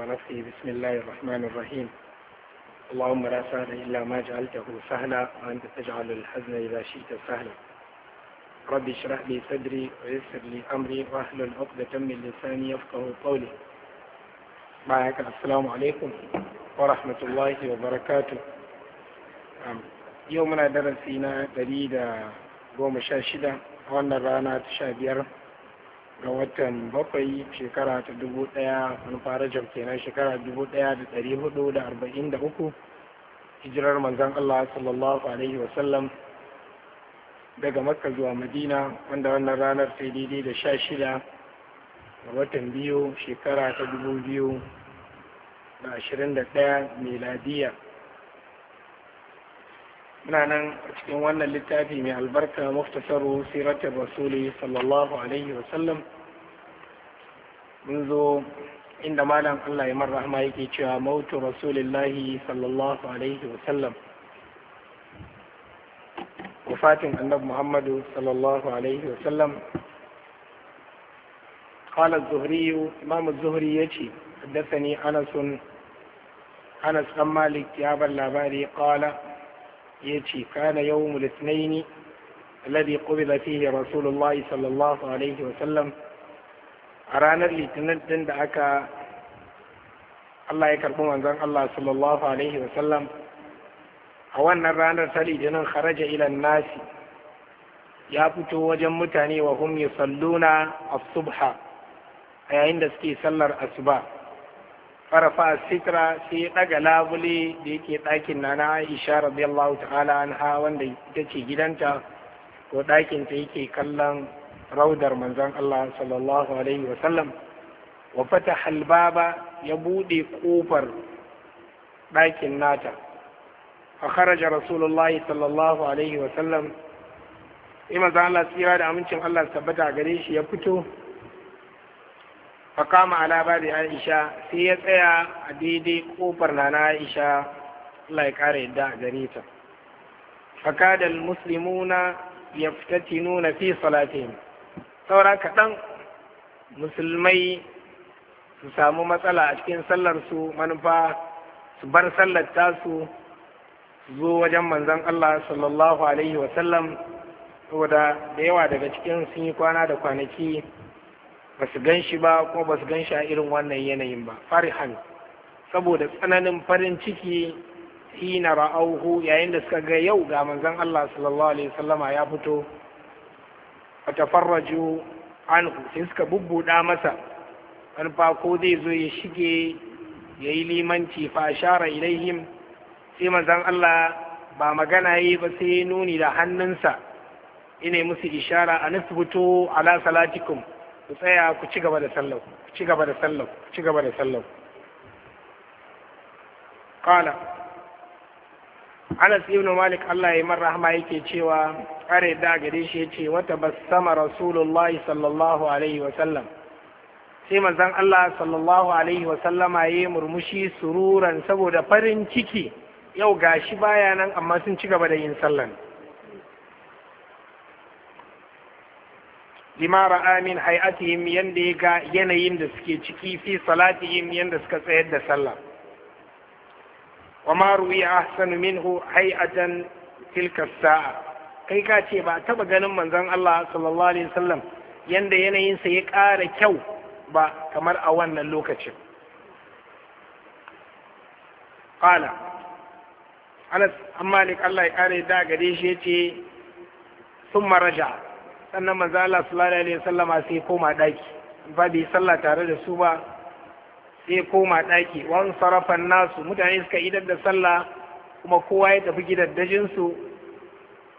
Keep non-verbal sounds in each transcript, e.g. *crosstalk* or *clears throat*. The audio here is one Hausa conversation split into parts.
ونفسي بسم الله الرحمن الرحيم اللهم لا سهل إلا ما جعلته سهلا وأنت تجعل الحزن إذا شئت سهلا ربي اشرح لي صدري ويسر لي أمري وأهل عقدة من لساني يفقه قولي معك السلام عليكم ورحمة الله وبركاته يومنا درسينا دليل قوم شاشدة وانا الرانات تشابير ga watan bakwai shekara ta dubu daya fara kenan shekara dubu daya da dari hudu da arba'in da uku hijirar manzan Allah sallallahu alaihi wasallam daga makka zuwa madina wanda wannan ranar sai daidai da sha shida ga watan biyu shekara ta dubu biyu da ashirin da daya meladiya muna nan a cikin wannan littafi mai albarka muftasaru siratar rasuli sallallahu alaihi wasallam mun zo inda malam Allah ya rahma yake cewa mautu rasulillahi sallallahu alaihi wa wafatin annabi Muhammadu sallallahu alaihi wa sallam قال الزهري إمام الزهري يجي حدثني أنس أنس ya مالك يا بلاباري قال يجي كان يوم الذي فيه رسول الله صلى الله عليه وسلم a ranar litinin din da aka Allah ya karɓi manzon Allah sallallahu alaihi a wannan ranar ta litinin kharaja ilan nasi ya fito wajen mutane wa hum yusalluna as-subha a yayin da suke sallar asuba farafa sitra sai ya daga labule da yake ɗakin na na Aisha radiyallahu ta'ala anha wanda ita ce gidanta ko ɗakin ta yake kallon raudar manzon Allah sallallahu alaihi wasallam wa fata halbaba ya buɗe ƙofar ɗakin nata a kharaja rasulullahi sallallahu alaihi wasallam sai manzon Allah tsira da amincin Allah tabbata gare shi ya fito kama ala da aisha sai ya tsaya a daidai ƙofar na aisha Allah ya ƙara yadda a gare ta fakadal muslimuna yaftatinuna fi salatihim saura kaɗan musulmai su samu matsala a cikin sallar sallarsu manufa su bar sallar tasu su zo wajen manzon Allah sallallahu alaihi wasallam saboda da yawa daga cikin sun yi kwana da kwanaki ba su gan shi ba ko ba su gan shi a irin wannan yanayin ba farihan saboda tsananin farin ciki hina ra'auhu yayin da suka ga yau ga manzon Allah sallallahu alaihi wasallama ya fito fatafarraju anhu sai suka bubbuda masa an ko zai zo ya shige ya yi limanci fa shara ilaihim sai manzon Allah ba magana yi ba sai nuni da hannunsa ina musu ishara a nasbutu ala salatikum ku tsaya ku ci gaba da sallau ku ci gaba da sallau ku ci gaba da sallau qala anas ibn malik allah ya yi mar rahama yake cewa kare da gare shi yace wata sama Rasulullah sallallahu alaihi wa sallam sai manzon allah sallallahu alaihi wa sallama yayi murmushi sururan saboda farin ciki yau gashi baya nan amma sun ci gaba da yin sallan lima ra'a min hay'atihim yanda ya ga yanayin da suke ciki fi salatihim yanda suka tsayar da sallah وما روي أحسن منه هيئة تلك الساعة kai ka ce ba taba ganin manzon Allah sallallahu alaihi wasallam yanda yanayinsa ya ƙara kyau ba kamar a wannan lokacin qala Anas an Malik Allah ya ƙara da gare shi yace sun maraja sannan manzon Allah sallallahu alaihi wasallam sai koma daki ba bai sallah tare da su ba sai koma ɗaki wani sarrafan nasu mutane suka idar da sallah kuma kowa ya tafi gidaddajinsu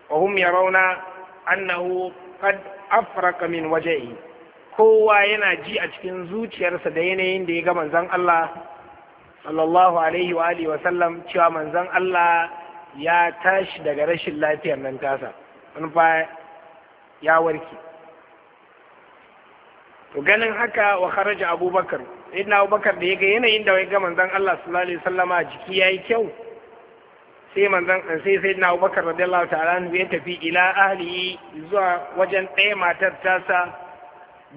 wa hum yarawna annahu qad afraka min wajhihi kowa yana ji a cikin zuciyarsa da yanayin da ya ga manzon Allah sallallahu alaihi wa alihi wa sallam cewa manzon Allah ya tashi daga rashin lafiyar nan tasa wani fa ya warke To ganin haka wa kharaja abubakar sayyidina abubakar da ya ga yanayin da ya ga manzon Allah sallallahu alaihi wasallama jiki yayi kyau sai manzon sai sai sayyidina abubakar radiyallahu ta'ala ya tafi ila ahli zuwa wajen ɗaya matar tasa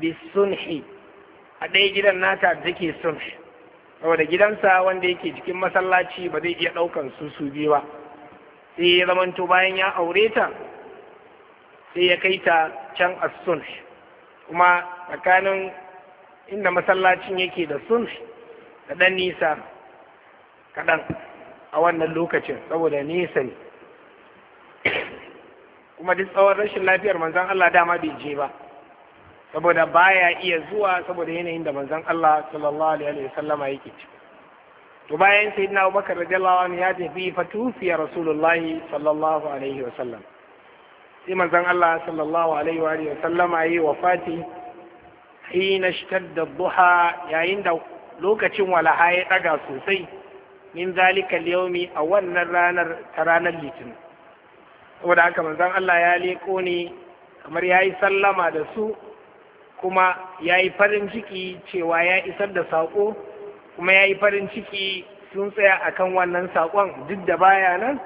bisunhi a ɗaya gidan nata da take sunhi saboda gidansa wanda yake cikin masallaci ba zai iya ɗaukan su su biyu ba sai ya zamanto bayan ya aure ta sai ya kai ta can as-sunhi kuma tsakanin inda masallacin yake da sun da ɗan nisa kaɗan a wannan lokacin saboda nesa ne kuma duk tsawon rashin lafiyar manzan Allah dama bai je ba saboda baya iya zuwa saboda yanayin da manzan Allah sallallahu alaihi wa sallama yake ci to bayan sayyidina Abubakar radiyallahu anhu ya tafi fa tufiya rasulullahi sallallahu alaihi wa sallam sai manzon Allah sallallahu alaihi wa alihi sallama yayi wafati hina da buha yayin da lokacin walaha ya daga sosai min zalika al a wannan ranar ta ranar litinin saboda haka manzon Allah ya leko ne kamar ya yi sallama da su kuma ya yi farin ciki cewa ya isar da saƙo kuma ya yi farin ciki sun tsaya akan wannan saƙon duk da bayanan.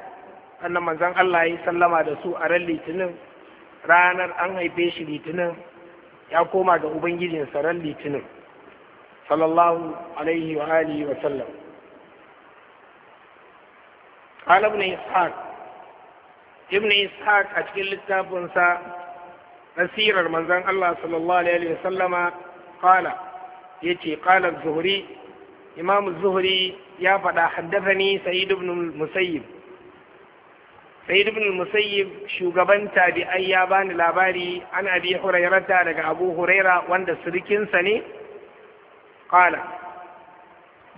annan manzan Allah ya sallama da su a ran litinin ranar an haife shi litinin ya koma ga ubangijinsa ran litinin sallallahu alaihi wa alihi wa sallam قال ابن إسحاق ابن إسحاق أشكل التابنسا نسير من زن الله صلى الله عليه وسلم قال يتي قال الزهري إمام الزهري يا فدا حدثني سيد بن المسيب sai ibn musayyib shugaban tabi'ai ya bani labari an abi hurairata daga abu huraira wanda sirikinsa ne qala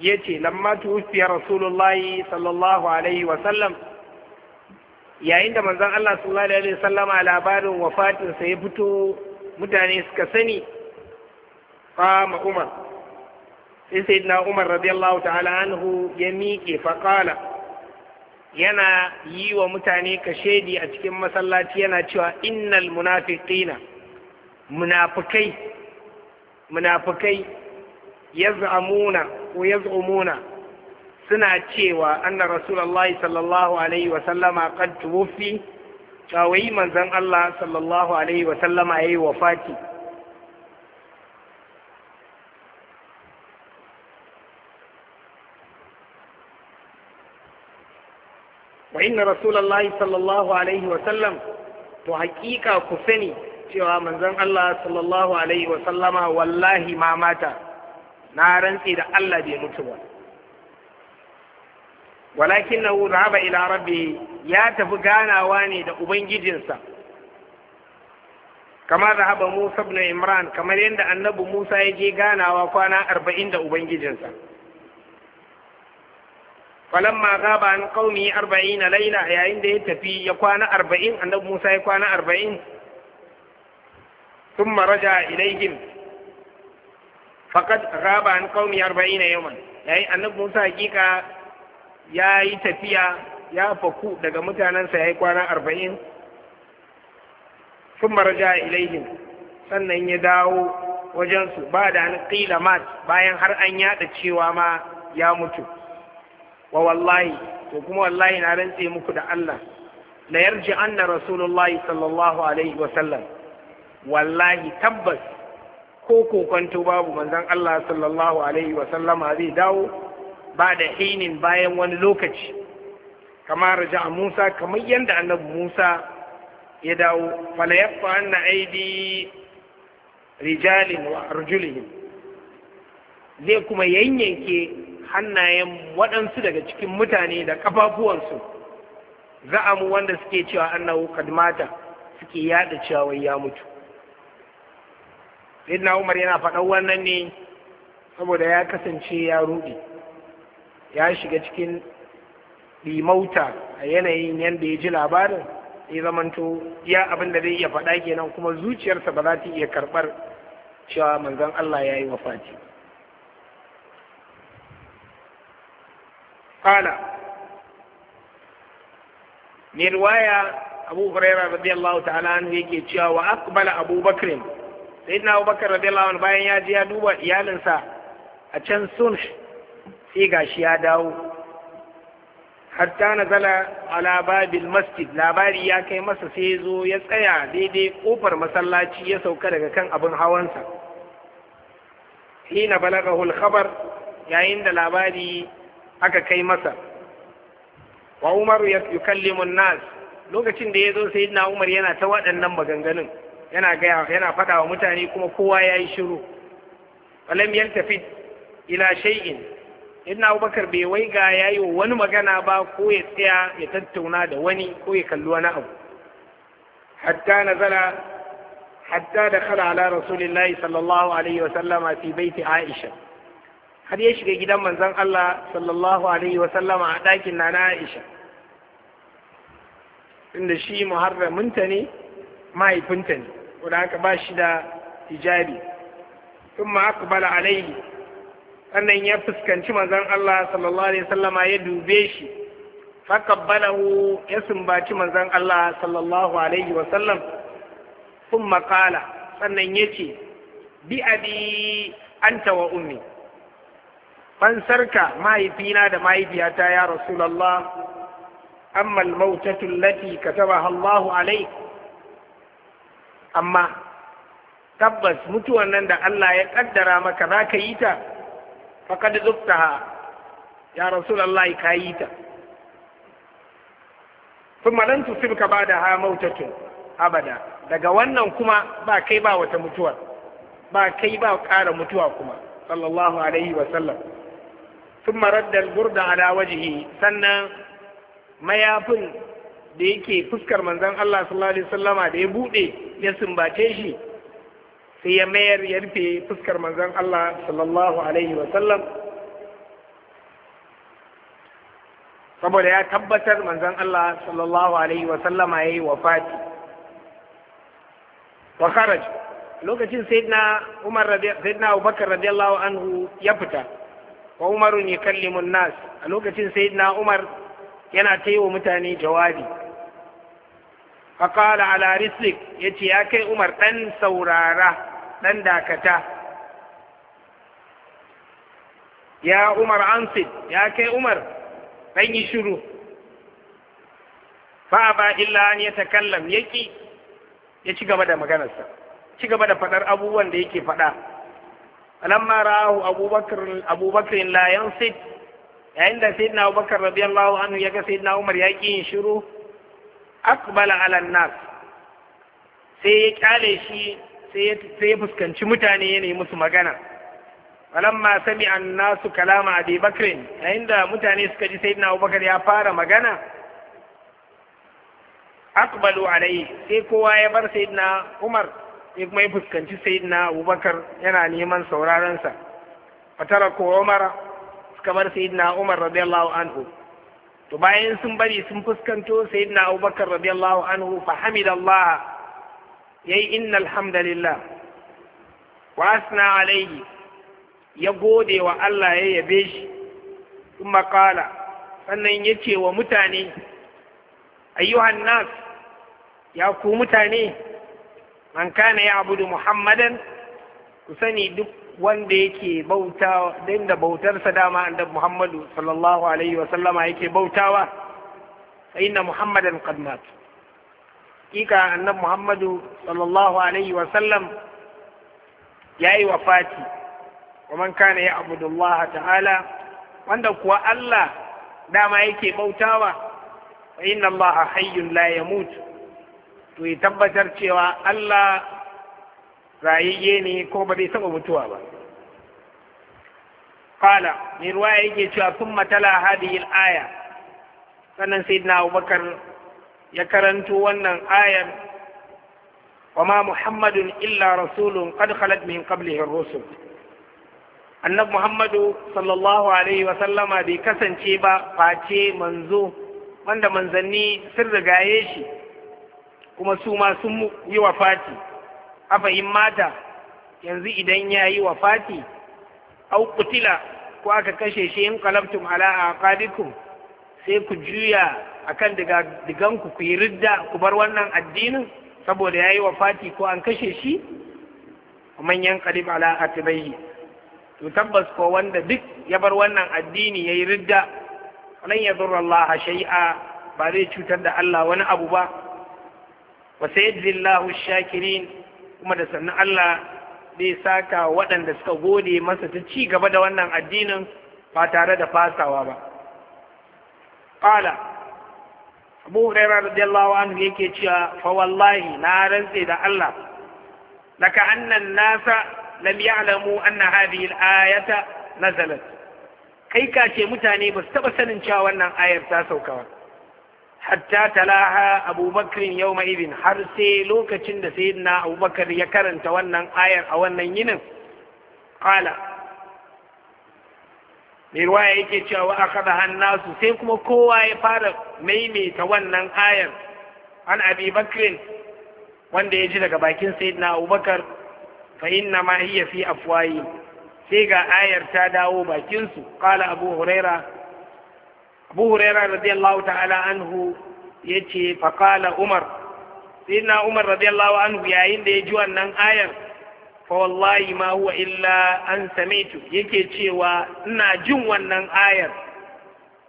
yace lamma tuwfiya rasulullahi sallallahu alaihi wa sallam yayin da manzon Allah sallallahu alaihi wa sallama labarin wafatin sa ya fito mutane suka sani qama umar sai sayyidina umar radiyallahu ta'ala anhu ya miƙe fa qala yana yi wa mutane kashedi a cikin masallaci yana cewa innal munafiqina munafikai munafikai yaz'amuna ko yaz'umuna suna cewa anna rasulullahi sallallahu alaihi wa sallama qad tuwfi kawai manzon Allah sallallahu alaihi wa sallama yayi wafati inna rasulullahi sallallahu alaihi wa sallam to hakika ku sani cewa manzon Allah sallallahu alaihi wa sallama wallahi ma mata na rantse da Allah bai mutu ba walakinahu dhahaba ila rabbi ya tafi ganawa ne da ubangijinsa kama dhahaba Musa ibn Imran kamar yadda annabi Musa ya je ganawa kwana arba'in da ubangijinsa ma gaba an arba'in a laila yayin da ya tafi ya kwana A annabi Musa ya kwana 40 thumma raja ilaihim faqad gaba an arba'in a yawman yayin annabi Musa hakika ya yi tafiya ya faku daga mutanensa ya yi kwana 40 thumma raja ilaihim sannan ya dawo wajensu ba da an kila mat bayan har an yada cewa ma ya mutu wa wallahi to kuma wallahi na rantse muku da Allah la yarji anna rasulullahi sallallahu alaihi wa sallam wallahi tabbas ko kokonto babu manzon Allah sallallahu alaihi wa sallama zai dawo ba da hinin bayan wani lokaci kamar raja Musa kamar yadda annabi Musa ya dawo fala yaqfa anna aidi rijalin wa arjulihim zai kuma yanyanke hannayen waɗansu daga cikin mutane da ƙafafuwansu za'amu wanda suke cewa annahu kad mata suke yada cewa wai ya mutu sayyidina umar yana faɗan wannan ne saboda ya kasance ya ruɗe ya shiga cikin limauta a yanayin yadda ya ji labarin ya zamanto ya abin da zai iya faɗa kenan kuma zuciyarsa ba za ta iya karɓar cewa manzon Allah ya yi wafati قال من رواية أبو هريرة رضي الله yake cewa wa aqbala Abu Bakr sayyidina Abu Bakr radiyallahu anhu bayan ya je ya duba iyalinsa a can sun sai gashi ya dawo hatta nazala ala babil masjid labari ya kai masa sai zo ya tsaya daidai ƙofar masallaci ya sauka daga kan abin hawansa hina balagahu al-khabar yayin da labari aka kai masa wa umaru yukallimun nas lokacin da ya zo sai na umar yana ta waɗannan maganganun yana gaya yana faɗa wa mutane kuma kowa ya yi shiru falam yaltafi ila shay'in ibn abubakar bai wai ya yi wani magana ba ko ya tsaya ya tattauna da wani ko ya kalli wani abu hatta nazala hatta dakhala ala rasulillahi sallallahu alaihi wa sallama fi baiti aisha har ya shiga gidan manzon Allah sallallahu alaihi wa sallama a ɗakin na Aisha inda shi muharraminta ne mahaifinta ne wanda aka ba shi da hijabi aka bala alaihi sannan ya fuskanci manzon Allah sallallahu alaihi wa sallama ya dube shi fakabbalahu ya sumbaci manzon Allah sallallahu alaihi wa sallam kuma kala sannan ce, bi abi anta wa ummi fansarka mahaifina da mahaifiyata ya rasulallah amma almautatu allati katabaha Allahu alai amma tabbas mutuwan nan da Allah ya kaddara maka za ka yi ta faqad ha, ya rasulallah ka yi ta kuma ka ba da ha mautatun abada daga wannan kuma ba kai ba wata mutuwa ba kai ba ƙara mutuwa kuma sallallahu alaihi wa sallam sun maraddal burda ala wajihi sannan mayafin da yake fuskar manzan Allah sallallahu alaihi wasallama da ya buɗe ya sumbace shi sai ya mayar ya rufe fuskar manzan Allah sallallahu alaihi wasallam saboda ya tabbatar manzan Allah sallallahu alaihi wasallama yayi wafati wa kharaj lokacin sayyidina Umar sayyidina Abubakar radiyallahu anhu ya fita wa umarun yukallimun nas a lokacin sayyidina umar yana ta wa mutane jawabi faƙala ala rislik ya ce ya kai umar ɗan saurara ɗan dakata ya umar ansid ya kai umar ɗan yi shiru ba ba illa ya takallam ya ya ci gaba da maganarsa ci gaba da faɗar abubuwan da yake faɗa falamma ra'ahu abubakar abubakar la yansit yayin da na abubakar radiyallahu anhu ya ga na umar ya ki yin shiru aqbala ala nas sai ya ƙyale shi sai ya fuskanci mutane ya nemi musu magana falamma sami an nasu kalama abi bakrin yayin da mutane suka ji na abubakar ya fara magana aqbalu alai sai kowa ya bar na umar ya kuma ya fuskanci sayyidina abubakar yana neman saurarensa fatara ko umar suka bar sayyidina umar radiyallahu anhu to bayan sun bari sun fuskanto sayyidina abubakar radiyallahu anhu fa hamidallah yayi inna alhamdulillah. wa asna alayhi ya gode wa Allah ya yabe shi kuma kala sannan ya ce wa mutane ayyuhan nas ya ku mutane man kana ya abudu muhammadan ku sani duk wanda yake bauta din da bautarsa dama annabi muhammadu sallallahu alaihi wa sallama yake bautawa fa inna muhammadan qad mat kika annabi muhammadu sallallahu alaihi wa sallam yayi wafati wa man kana ya abudu allah ta'ala wanda kuwa allah dama yake bautawa fa inna allaha hayyun la yamutu to tabbatar cewa Allah rayayye ne ko ba zai saba mutuwa ba Fala, mai ruwa yake cewa thumma tala hadhihi aya sannan na Abubakar ya karanto wannan ayar وما محمد illa رسول قد خلت من قبله الرسل annab muhammadu sallallahu alaihi sallama bai kasance ba face manzo wanda manzanni sun rigaye shi kuma su ma sun yi wa fati afa in mata yanzu idan ya yi wa fati au kutila ko aka kashe shi in kalabtum ala aqabikum sai ku juya akan kan diganku ku yi ridda ku bar wannan addinin saboda yayi wa fati ko an kashe shi manyan ala'a ala atibai to tabbas ko wanda duk ya bar wannan addini ya yi ridda lan yadurra Allah shay'a ba zai cutar da Allah wani abu ba wa sayajzi Allahu shakirin kuma da sannan Allah zai saka waɗanda suka gode masa ta ci gaba da wannan addinin ba tare da fasawa ba qala Abu Hurairah radiyallahu anhu yake cewa fa wallahi na rantse da Allah laka annan nasa lam ya'lamu anna hadhihi al-ayata nazalat ce mutane ba su taba sanin cewa wannan ayar ta sauka ba hatta talaha abubakrin yau ma'ibin har sai lokacin da sai na abubakar ya karanta wannan ayar a wannan yinin ƙala mirwaya yake cewa aka da hannasu sai kuma kowa ya fara maimaita wannan ayar an abi bakrin wanda ya ji daga bakin sayyidina abubakar fa inna ma hiya fi afwayi sai ga ayar ta dawo bakinsu ƙala abu huraira abu huraira radiyallahu ta'ala anhu ya ce faƙala umar sayyidina umar radiyallahu anhu yayin da ya ji wannan ayar fa wallahi ma huwa illa an samitu yake cewa ina jin wannan ayar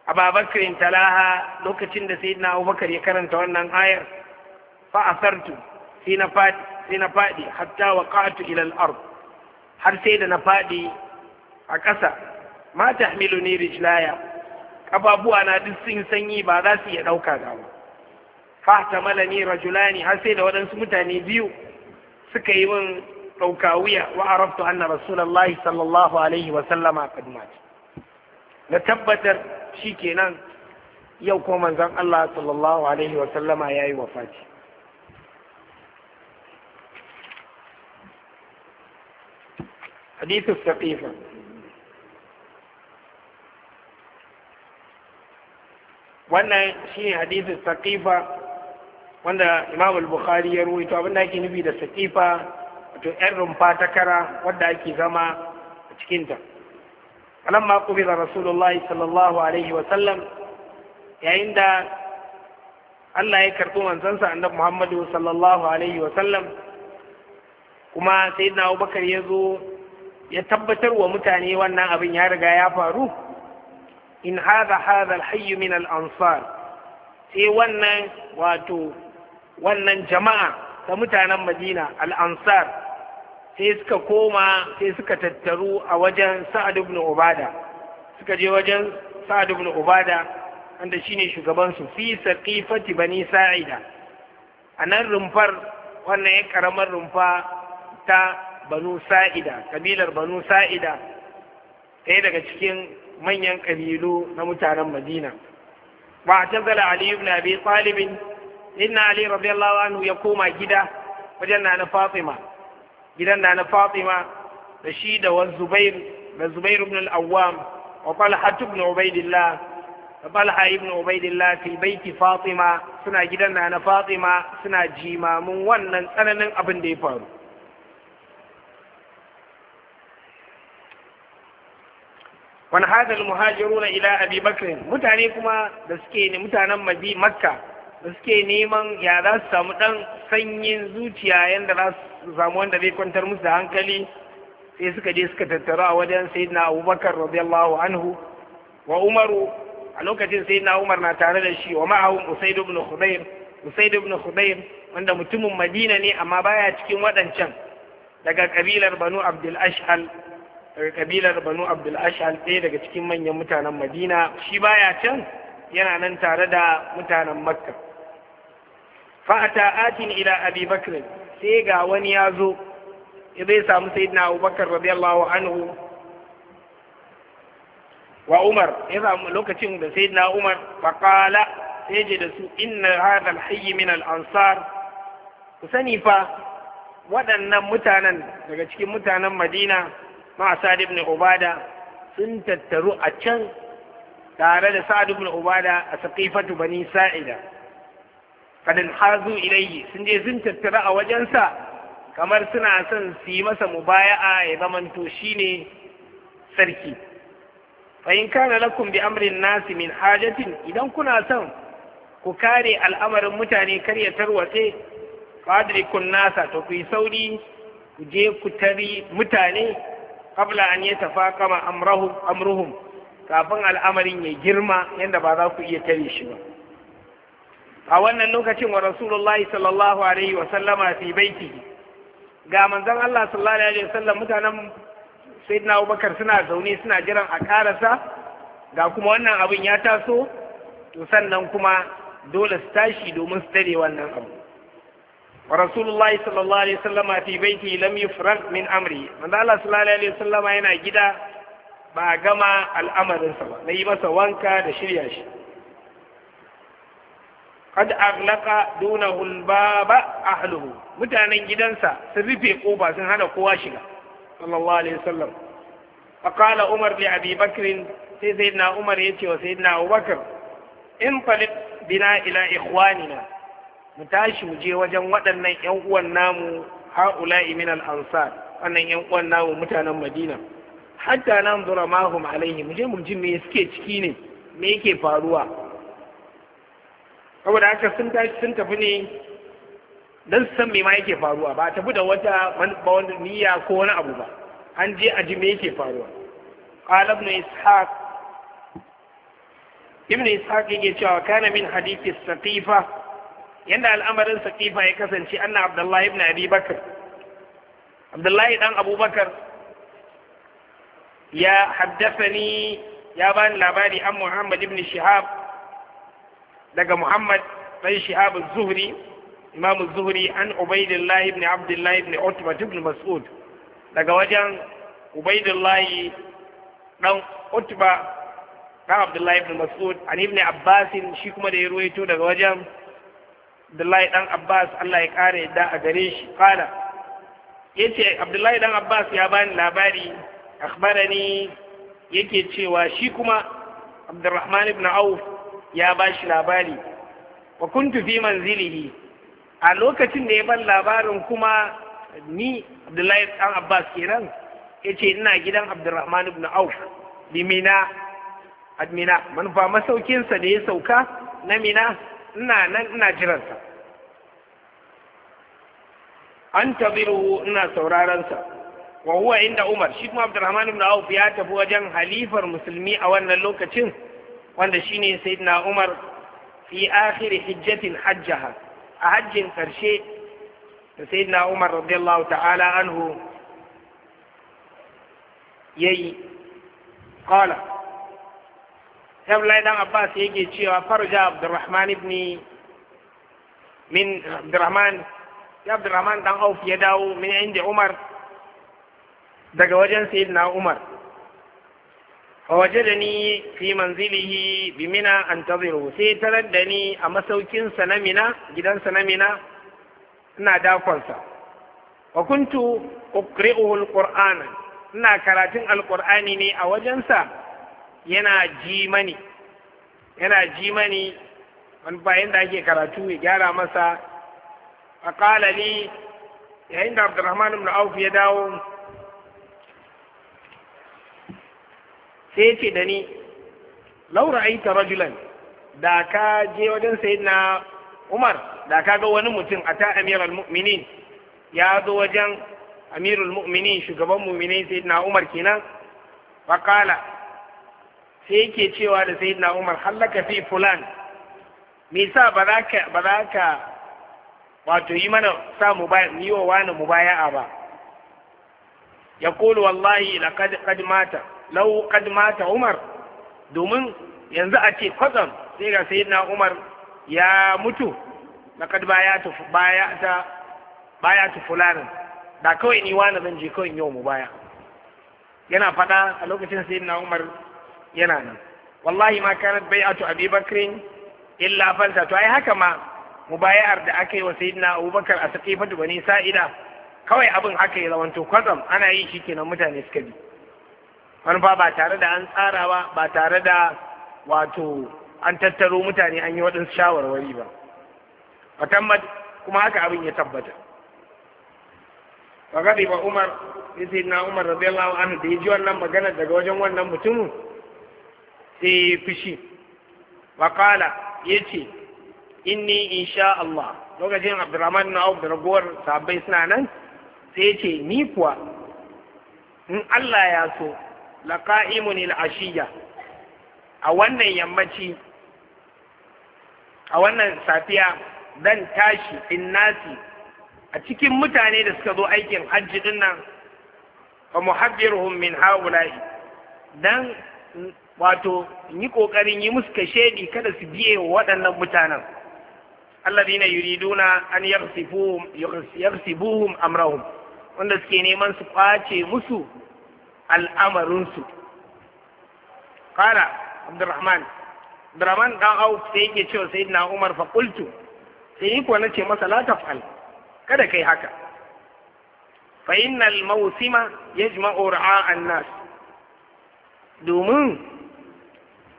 ababakarin talaha lokacin da sayyidina abubakar ya karanta wannan ayar fa asartu na faɗi hatta wa ƙatu ilal ard har sai da na faɗi a ƙasa ma tahmilu rijlaya kafafuwa na duk sun sanyi ba za su iya ɗauka na ba fata malani rajulani har sai da waɗansu mutane biyu suka yi min ɗauka wuya wa arabtu anna rasulullahi sallallahu alaihi wa sallama qad na tabbatar shikenan yau ko manzon Allah sallallahu alaihi wa sallama yayi wafati hadithu saqifa wannan shi ne hadisin saƙifa wanda imam al-bukhari ya ruwaito abinda ake nufi da saƙifa wato yan rumfa ta kara wadda ake zama a cikinta alamma kubira rasulullahi sallallahu alaihi wa sallam yayin da Allah ya karɓi a annabi Muhammadu sallallahu alaihi wa sallam kuma sayyidina Abubakar ya zo ya tabbatar wa mutane wannan abin ya riga ya faru in haza haza alhayyu min al'ansar sai wannan wato wannan jama'a ta mutanen madina al'ansar sai suka koma sai suka tattaru a wajen sa'ad ibn ubada suka je wajen sa'ad ibn ubada wanda shine shugabansu, su fi saqifati bani sa'ida a nan rumfar wannan ya ƙaramar rumfa ta banu sa'ida kabilar banu sa'ida ɗaya daga cikin manyan ƙabilu na mutanen madina ba a canzala ali ibn abi talibin inna ali radiyallahu anhu ya koma gida wajen na na fatima gidan na na fatima da shi da wani zubair da zubair ibn al-awwam wa talha ibn ubaidillah da talha ibn ubaidillah fi baiti fatima suna gidan na na fatima suna jimamin wannan tsananin abin da ya faru wan hadal muhajiruna ila abi bakr mutane kuma da suke ne mutanen makka da suke neman ya za su samu dan sanyin zuciya yanda za su samu wanda zai kwantar musu hankali sai suka je suka tattara a wajen sayyidina abubakar radiyallahu anhu wa umaru a lokacin sayyidina umar na tare da shi wa ma'ahum usaid ibn khudair usaid ibn khudair wanda mutumin madina ne amma baya cikin waɗancan daga kabilar banu abdul ashhal daga kabilar banu abdul ashal ɗaya daga cikin manyan mutanen madina shi baya can yana nan tare da mutanen makka fa'ata atin ila abi sai ga wani ya zo zai samu sayyidina abubakar radiyallahu anhu wa umar ya samu lokacin da sayyidina umar faqala sai je da su inna hadha al min al-ansar ku sani fa waɗannan mutanen daga cikin mutanen madina ma sa'ad ibn ubada sun tattaru a can tare da sa'ad ibn ubada a saqifatu bani sa'ida kadin hazu ilayhi sun je sun tattara a wajensa kamar suna son su yi masa mubaya'a ya zamanto shine sarki fa in kana lakum bi amrin nasi min hajatin idan kuna son ku kare al'amarin mutane kar ya tarwatse fadrikun nasa to ku yi sauri ku je ku tari mutane Kabla an tafa kama amruhum kafin al'amarin ya girma yadda ba za ku iya tare shi ba a wannan lokacin wa rasulullahi sallallahu alaihi wa sallama fi baitihi ga manzon Allah sallallahu alaihi wa sallam mutanen sayyidina Abubakar suna zaune suna jiran a karasa ga kuma wannan abin ya taso sannan kuma dole su tashi domin su tare wannan abu rasulullahi sallallahu alaihi wasallama fi baiti lam yufrag min amri manzo Allah sallallahu alaihi wasallama yana gida ba a gama al'amarinsa ba na yi masa wanka da shirya shi qad aghlaqa dunahu al-baba ahluhu mutanen gidansa sun rufe koba sun hana kowa shiga sallallahu alaihi wasallam faqala umar li abi bakr sai sayyidina umar yace wa sayyidina abubakar in bina ila ikhwanina mu tashi mu je wajen waɗannan ƴan uwan namu ha'ula'i min al-ansar wannan ƴan uwan namu mutanen Madina hatta nan zura mahum alaihi mu je mu ji me suke ciki ne me yake faruwa saboda haka sun tashi sun tafi ne dan san me ma yake faruwa ba tafi da wata ba wani niyya ko wani abu ba an je a ji me yake faruwa qala ibn ishaq ibn ishaq yake cewa kana min hadithi saqifa yanda al'amarin saqifa ya kasance anna abdullahi ibn abi bakr abdullahi dan abubakar ya haddasa ni ya bani labari an muhammad ibn shihab daga muhammad dan shihab zuhri imam zuhri an ubaidillah ibn Abdullahi ibn utba ibn mas'ud daga wajen Ubaidullahi dan utba dan Abdullahi ibn mas'ud an ibn abbas shi kuma da ya ruwaito daga wajen Abdullahi ɗan Abbas Allah ya kare yadda a gare shi kala yace Abdullahi dan Abbas ya bani labari akhbarani yake cewa shi kuma Abdurrahman ibn Auf ya ba shi labari wa kuntu fi manzilihi a lokacin da ya ban labarin kuma ni Abdullahi dan Abbas kenan yace ina gidan Abdurrahman ibn Auf limina admina manufa masaukinsa da ya sauka na mina ina nan ina jiransa an tabiru ina sa. wa huwa inda Umar shi kuma Abdurrahman ibn Auf ya tafi wajen halifar musulmi a wannan lokacin wanda shine sayyidina Umar fi akhir hijjatin hajjaha a hajjin karshe da sayyidina Umar radiyallahu ta'ala anhu yayi qala tabbalai dan abbas yake cewa farja abdurrahman ibn abdurrahman ya abdurrahman dan auf ya dawo min inda umar daga wajen na umar fawajadani fi manzilihi bi mina an tadiru sai ta da ni a masaukin sa na mina gidan sa na ina dakon wa kuntu alqur'ana ina karatun alqur'ani ne a wajensa. yana ji mani yana ji mani wani bayan da ake karatu ya gyara masa a ƙalali yayin da abdurrahman ibn auf ya dawo sai ce da ni laura aita rajulan da ka je wajen na umar da ka ga wani mutum a ta amiral mu'minin ya zo wajen amirul mu'minin shugaban mu'minin na umar kenan faƙala sai yake cewa da sayyidina Umar hallaka fi fulan me sa ba za ka wato yi mana sa mu ba yi wa wani a ba Ya yaqulu wallahi laqad kadimata mata law mata Umar domin yanzu a ce kwatsam sai ga sayyidina Umar ya mutu laqad baya ta baya ta baya ta fulanin da kawai ni wani zan je kawai yau mu baya yana faɗa a lokacin sayyidina Umar yana nan wallahi ma kanat bai'atu abi bakrin illa falta to ai haka ma mubayar da aka yi wa sayyidina abubakar a saqifatu bani sa'ida kawai abin haka ya to kwatsam ana yi shi kenan mutane suka bi wani fa ba tare da an tsara ba ba tare da wato an tattaro mutane an yi waɗansu shawarwari ba fatammat kuma haka abin ya tabbata wa gadi ba umar sayyidina umar radiyallahu anhu da ya ji wannan magana daga wajen wannan mutumin sai ya yi fushi waƙala ya ce inni insha Allah lokacin abdurrahman na abu da ragowar sabai suna nan sai ce ni kuwa in Allah ya so laqa'imun al-ashiya a wannan yammaci a wannan safiya dan tashi in nasi a cikin mutane da suka zo aikin hajji dinnan, nan fa muhabbiruhum min haula'i dan wato yi ƙoƙarin yi musu kashedi kada su biye wa waɗannan mutanen alladina yuriduna an yaghsibuhum amrahum wanda suke neman su kwace musu al'amarinsu qala abdurrahman abdurrahman dan au sai yake cewa sayyidina umar fa qultu sai yi kuwa nace masa la taf'al kada kai haka fa innal mawsima yajma'u ra'a an-nas domin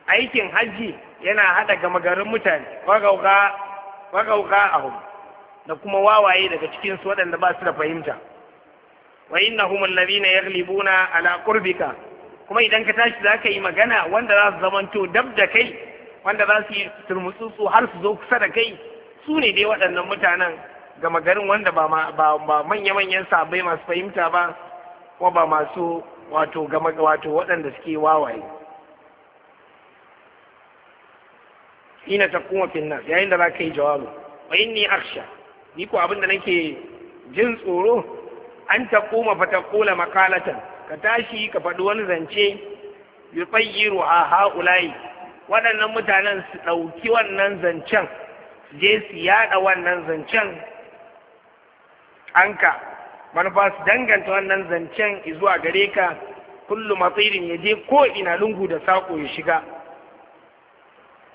aikin hajji yana haɗa gama garin mutane wagauka ahum da kuma wawaye daga cikinsu waɗanda ba su da fahimta wa innahum alladhina yaghlibuna ala qurbika kuma idan ka tashi za ka yi magana wanda za su zamanto dab da kai wanda za su yi turmutsutsu har su zo kusa da kai su ne dai waɗannan mutanen gama garin wanda ba manya-manyan sabai masu fahimta ba kuma ba masu wato waɗanda suke wawaye hina ta kuma finna yayin da zaka yi jawabu wa inni akhsha ni ko abin da nake jin tsoro an kuma fa kula makalatan ka tashi ka faɗi wani zance fayyiru a haulayi waɗannan mutanen su ɗauki wannan zancen je su yaɗa wannan zancen anka manufa su danganta wannan zancen zuwa gare ka kullu matsirin ya je ko ina lungu da sako ya shiga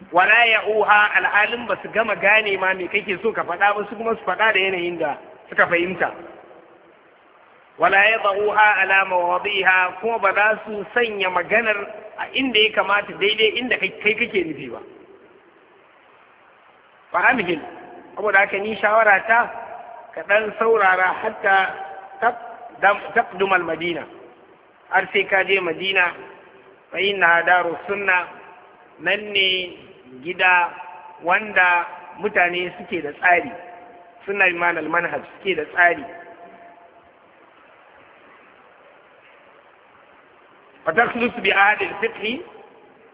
wala ya uha alhalin ba su gama gane ma me kake so ka faɗa ba su kuma su faɗa da yanayin da suka fahimta wala ya alama ala mawadiha kuma ba za su sanya maganar a inda ya kamata daidai inda kai kake nufi ba Ba abu da ka ni shawara ta ka dan saurara hatta taqdum madina har sai ka je madina fa inna daru sunna nan ne gida wanda mutane suke da tsari suna imanal manhaj suke da tsari fataklus bi ahadin fiqhi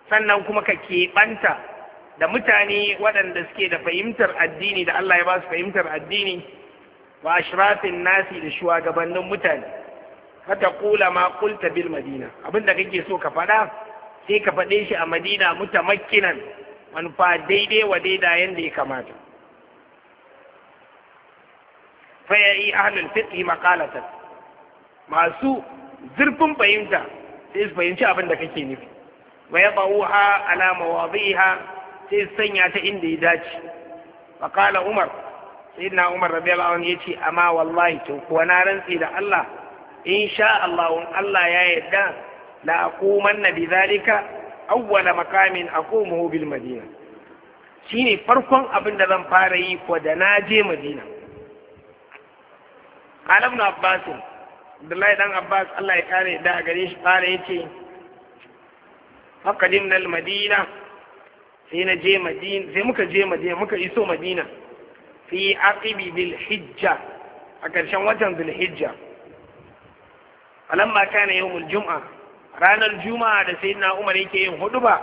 sannan kuma ka keɓanta da mutane waɗanda suke da fahimtar addini da Allah ya ba su fahimtar addini wa ashrafin nasi da shugabannin mutane kata kula ma kulta bil madina abinda kake so ka faɗa sai ka faɗe shi a madina mutamakkinan manufa daidai wa daida yadda ya kamata faya yi ahlul fiqh makalatar masu zurfin fahimta sai su fahimci abin da kake nufi wa ha yadawuha zai ha sai su sanya ta inda ya dace makala umar sayyidina umar radiyallahu ya ce, amma wallahi to kuwa na rantsi da Allah in sha Allah Allah ya yarda la na bi zalika awwala makamin aqumuhu bil madina shine farkon abin da zan fara yi ko da na je madina qala ibn abbas Abdullahi dan Abbas Allah ya kare da gare shi fara yace faqadimna al madina sai na je madina sai muka je madina muka iso madina fi aqibi bil hijja a ƙarshen watan bil hijja falamma kana yawmul jum'a ranar juma'a da sai na umar yake yin hudu ba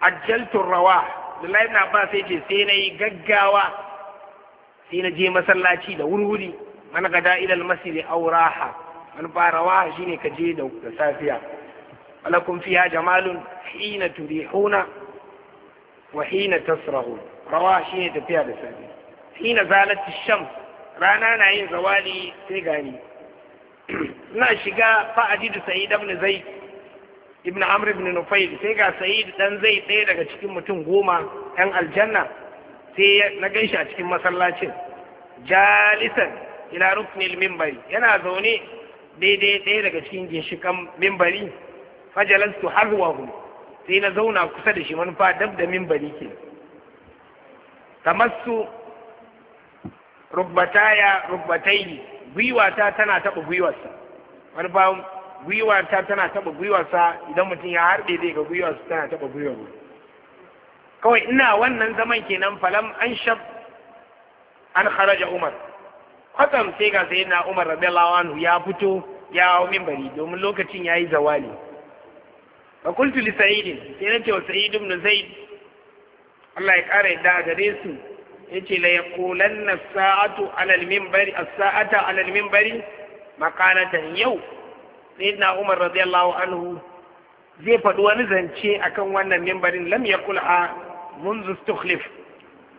ajjaltun rawa lullahi na ba sai ce sai na yi gaggawa sai na je masallaci da wuri-wuri man gada ilal masjidi auraha man shi shine ka je da safiya walakum fiya jamalun hina turihuna wa hina tasrahu. rawa shine tafiya da safiya hina zalat shams rana na yin zawali sai gani ina shiga fa'ajidu sa'id ibn zaid ibn amr ibn nufail sai ga sa'id dan zai ɗaya daga cikin mutum goma yan aljanna sai na gaishe a cikin masallacin jalisan ila ruknil minbari yana zaune daidai ɗaya daga cikin ginshikan minbari fajalastu harwahu sai na zauna kusa da shi manufa dab da minbari ke tamassu rukbataya rukbatai gwiwata tana taɓa gwiwarsa wani ba gwiwa ta tana taba gwiwarsa idan mutum ya harbe zai ga gwiwarsa tana taba gwiwar kawai ina wannan zaman kenan falam an shab an kharaja umar kwatsam sai ga sai na umar radiyallahu anhu ya fito ya hau mimbari domin lokacin ya yi zawali fa qultu li sai nace wa sa'idin na zaid Allah ya kara yadda a gare su ce la yaqulanna as-sa'atu 'ala al saata 'ala al makalatan yau na Umar radiyallahu anhu zai faɗi wani zance akan wannan membarin lam kula a munzu stuklif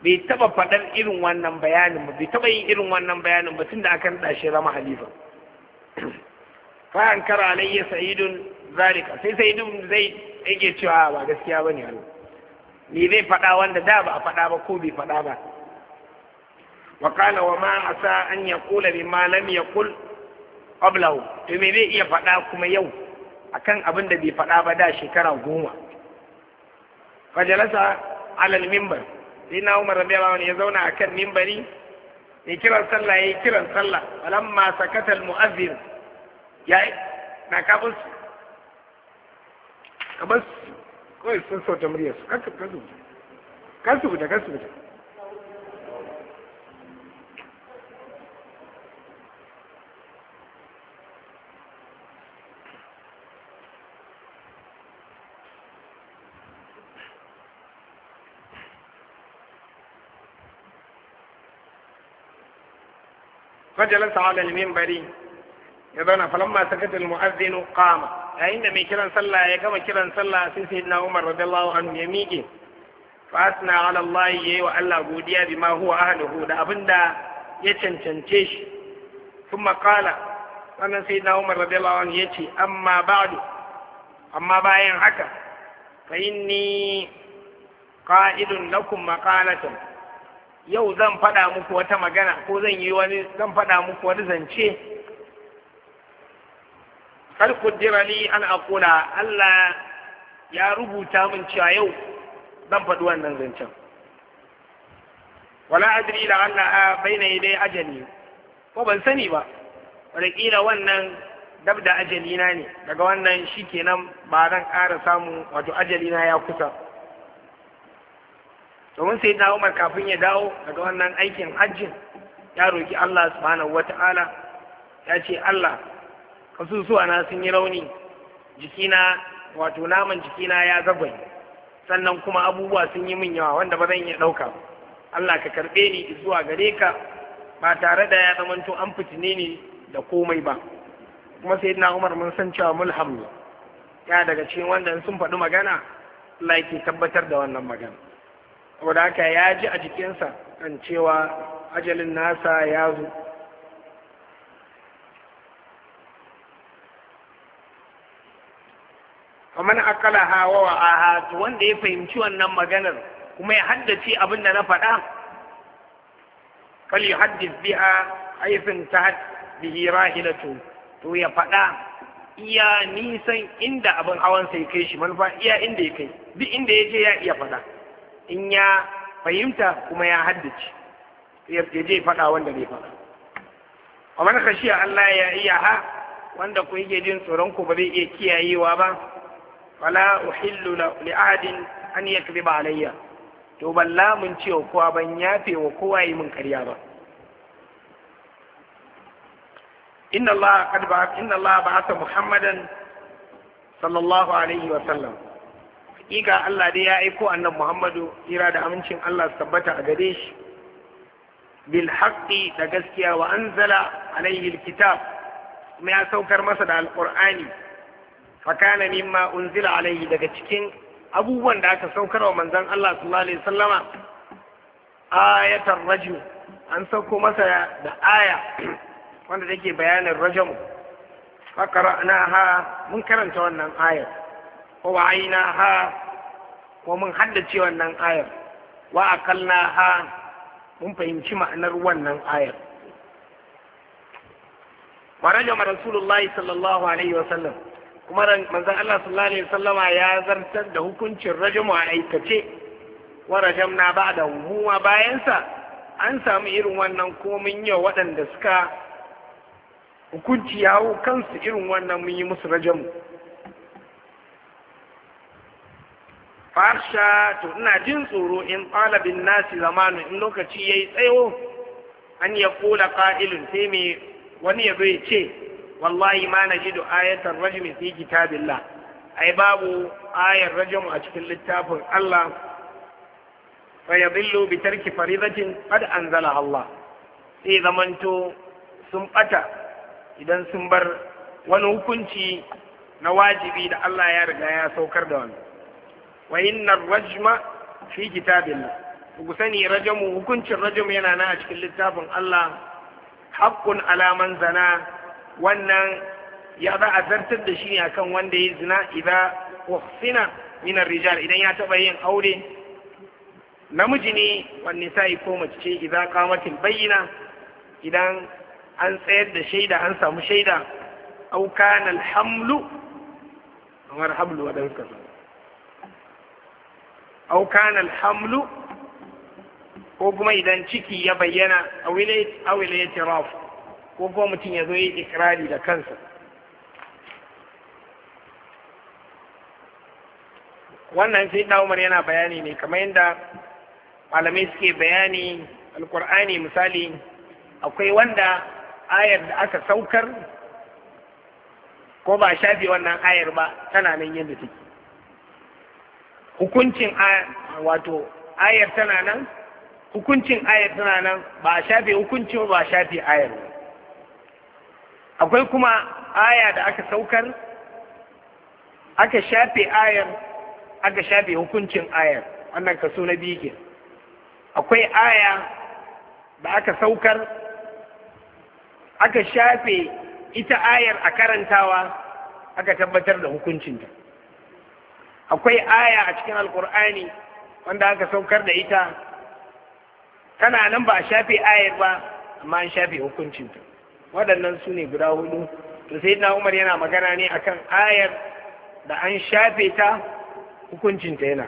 bai taɓa faɗar irin wannan bayanin ba bai taɓa yin irin wannan bayanin ba tun da akan shi rama halifa *clears throat* fa'an kara alayya sa'idun Zarika sai sa'idun zai yake cewa ba gaskiya ba ne me zai faɗa wanda da ba a faɗa ba ko bai faɗa ba wa kana wa ma asa an bi ma lam kula qablahu to me zai iya faɗa kuma yau akan abin da bai faɗa ba da shekara goma fajalasa alal mimbar sai na umar rabiyallahu ya zauna akan mimbari ya kiran sallah ya kiran sallah falamma sakata al mu'azzir ya na kabus kabus kawai sun sauta muryarsu kasu kasu kasu da kasu da fajalasa ala al-minbari ya zauna falamma sakata al-mu'adhdhin qama yayin da mai kiran sallah ya gama kiran sallah sai sayyidina Umar radiyallahu anhu ya miƙe fa asna ala Allah yayi wa Allah godiya bima huwa ahluhu da abinda ya cancance shi kuma qala sannan sayyidina Umar radiyallahu anhu yace amma ba'du amma bayan haka fa inni qa'idun lakum maqalatan yau zan faɗa muku wata magana ko zan yi wani zan faɗa muku wani zance kal kuddira li an aqula Allah ya rubuta min cewa yau zan faɗi wannan zancen wala adri la anna baina dai ajali ko ban sani ba wala wannan dabda da ajali na ne daga wannan shikenan ba zan ƙara samu wato ajali na ya kusa domin sai na umar kafin ya dawo daga wannan aikin hajjin ya roki Allah subhanahu wata'ala ya ce Allah kasusuwa na sun yi rauni jikina wato naman jikina ya zagwai sannan kuma abubuwa sun yi min yawa wanda ba zan iya ɗauka Allah ka karɓe ni zuwa gare ka ba tare da ya zamanto an fitine ni da komai ba kuma sai na umar mun san cewa mulham ya daga cikin wanda sun faɗi magana Allah yake tabbatar da wannan magana saboda haka ya ji a jikinsa kan cewa ajalin nasa ya zo kamar akala hawa wa aha wanda ya fahimci wannan maganar kuma ya haddace abin da na faɗa Kali haddis biha haifin ta bihi rahilatu to ya faɗa iya nisan inda abin hawan sai kai shi manufa iya inda ya kai duk inda ya je ya iya faɗa in ya fahimta kuma ya haddace ya je faɗa wanda bai faɗa amma na kashiya Allah ya iya ha wanda ku yake jin tsoron ku ba zai iya kiyayewa ba fala uhillu li ahadin an yakdhiba alayya to ban lamun cewa kowa ban yafe wa kowa yi min karya ba inna Allah qad inna Allah ba'atha Muhammadan sallallahu alaihi wa sallam ga Allah dai ya aiko annabi Muhammadu ira da amincin Allah tabbata a gare shi bil haqqi da gaskiya wa anzala alayhi alkitab kuma ya saukar masa da alqur'ani fa kana mimma unzila alayhi daga cikin abubuwan da aka saukar wa manzon Allah sallallahu alaihi wasallama ayatar rajul an sauko masa da aya wanda take bayanin rajam fa qara'naha mun karanta wannan ayar wa ha ko mun haddace wannan ayar wa akalna ha mun fahimci ma'anar wannan ayar maraja ma rasulullah sallallahu alaihi wa sallam kuma manzon Allah sallallahu alaihi wa sallama ya zartar da hukuncin rajamu a aikace wa rajamna ba'da bayan bayansa an samu irin wannan komin yau waɗanda suka hukunci yawo kansu irin wannan mun yi musu rajamu farsha to ina jin tsoro in talabin nasi zamanu in lokaci yayi tsayo an ya kula ƙa'ilun, sai mai wani ya zai ce wallahi ma najidu ayatar ki fi kitabillah ai babu ayar rajimu a cikin littafin Allah fa yadillu bi tarki faridatin qad anzala Allah sai zamanto sun bata idan sun bar wani hukunci na wajibi da Allah ya riga ya saukar da wani wa innar rajma fi kitabillah ku sani rajamu hukuncin rajamu yana na a cikin littafin Allah haqqun alaman zana wannan ya za zartar da shi ne akan wanda ya yi zina idza uhsina min rijal idan ya taba yin aure namiji ne wani sai ko mace ce idan an tsayar da shaida an samu shaida au kana أو كان الحمل ko kuma idan ciki ya bayyana aw ilaytiraf ko kuma mutum ya zo yi ikrari da kansa wannan sai Umar yana bayani ne kamar yadda malamai suke bayani alkur'ani misali akwai wanda ayar da aka saukar ko ba shafi wannan ayar ba tana nan yadda take hukuncin wato ayar tana nan hukuncin ayar tana nan ba a shafe hukuncin ba a shafe ayar akwai kuma aya da aka saukar aka shafe ayar aka shafe hukuncin ayar wannan kaso na biyu ke akwai aya da aka saukar aka shafe ita ayar a karantawa aka tabbatar da hukuncinta akwai aya a cikin alkur'ani wanda aka saukar da ita tana nan ba a shafe ayar ba amma an shafe hukuncinta waɗannan su ne guda hudu to sai na umar yana magana ne akan ayar da an shafe ta hukuncinta yana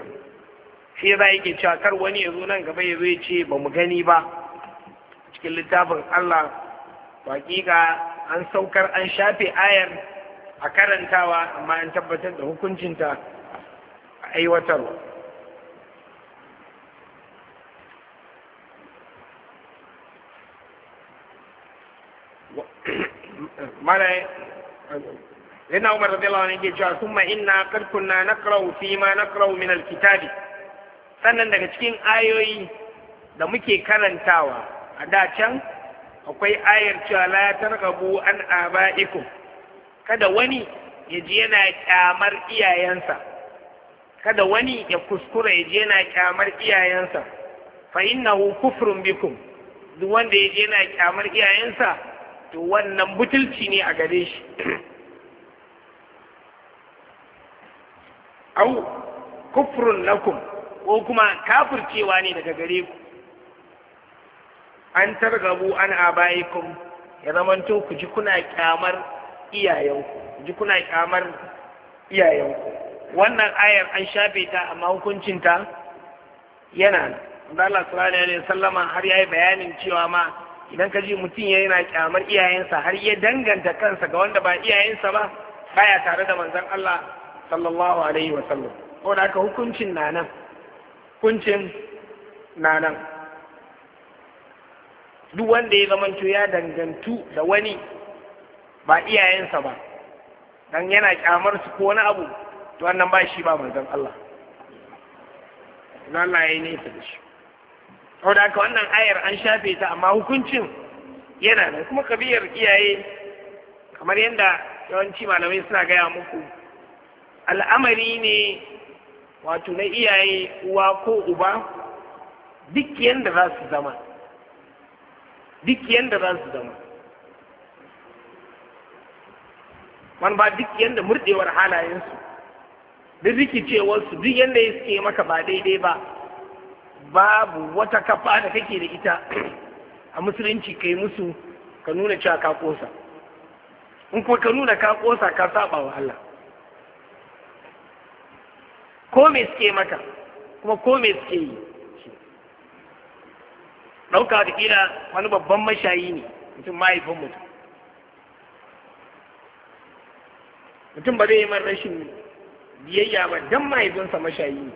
shi za yake cewa kar wani ya nan gaba ya zo ya ce ba mu gani ba cikin littafin allah waƙiƙa an saukar an shafe ayar a karantawa amma an tabbatar da hukuncinta aiwatarwa mana na umar radiyallahu anhu yake cewa summa inna na kunna naqra'u fi ma naqra'u min al-kitabi sannan daga cikin ayoyi da muke karantawa a da can akwai ayar cewa la targhabu an aba'ikum kada wani ya ji yana kyamar iyayensa kada wani ya kuskura ya je na kyamar iyayensa fa hu kufrun bikum duk wanda ya je na kyamar iyayensa to wannan butulci ne a gare shi *clears throat* au kufrun lakum ko kuma kafircewa ne daga gare ku an targabu an abaikum ya zamanto ku ji kuna kyamar ji kuna kyamar iyayenku wannan ayar an shafe ta amma hukuncinta yana da Allah sallallahu alaihi sallama har yayi bayanin cewa ma idan ka ji mutum yana kyamar iyayensa har ya danganta kansa ga wanda ba iyayensa ba baya tare da manzon Allah sallallahu alaihi wa sallam ko da haka hukuncin na nan hukuncin na nan duk wanda ya zamanto ya dangantu da wani ba iyayensa ba dan yana kyamar su ko wani abu to wannan ba shi ba manzon Allah zan Allah ya yi nesa da shi saboda haka wannan ayar an shafe ta amma hukuncin yana da kuma kabiyar iyaye kamar yadda yawanci malamai suna gaya muku al'amari ne wato na iyaye uwa ko uba duk yadda za su zama duk yadda za su zama Wani ba duk yadda murɗewar halayensu duk rikicewarsu duk yadda ya suke maka ba daidai ba babu wata kafa da kake da ita *clears throat* a musulunci kai musu ka nuna cewa ka kosa in kuma ka nuna ka kosa ka saba wa Allah ko me suke maka kuma ko me suke yi ɗauka da kila wani babban mashayi ne mutum mahaifin mutum mutum ba zai yi man rashin biyayya ba dan mahaifinsa mashayi ne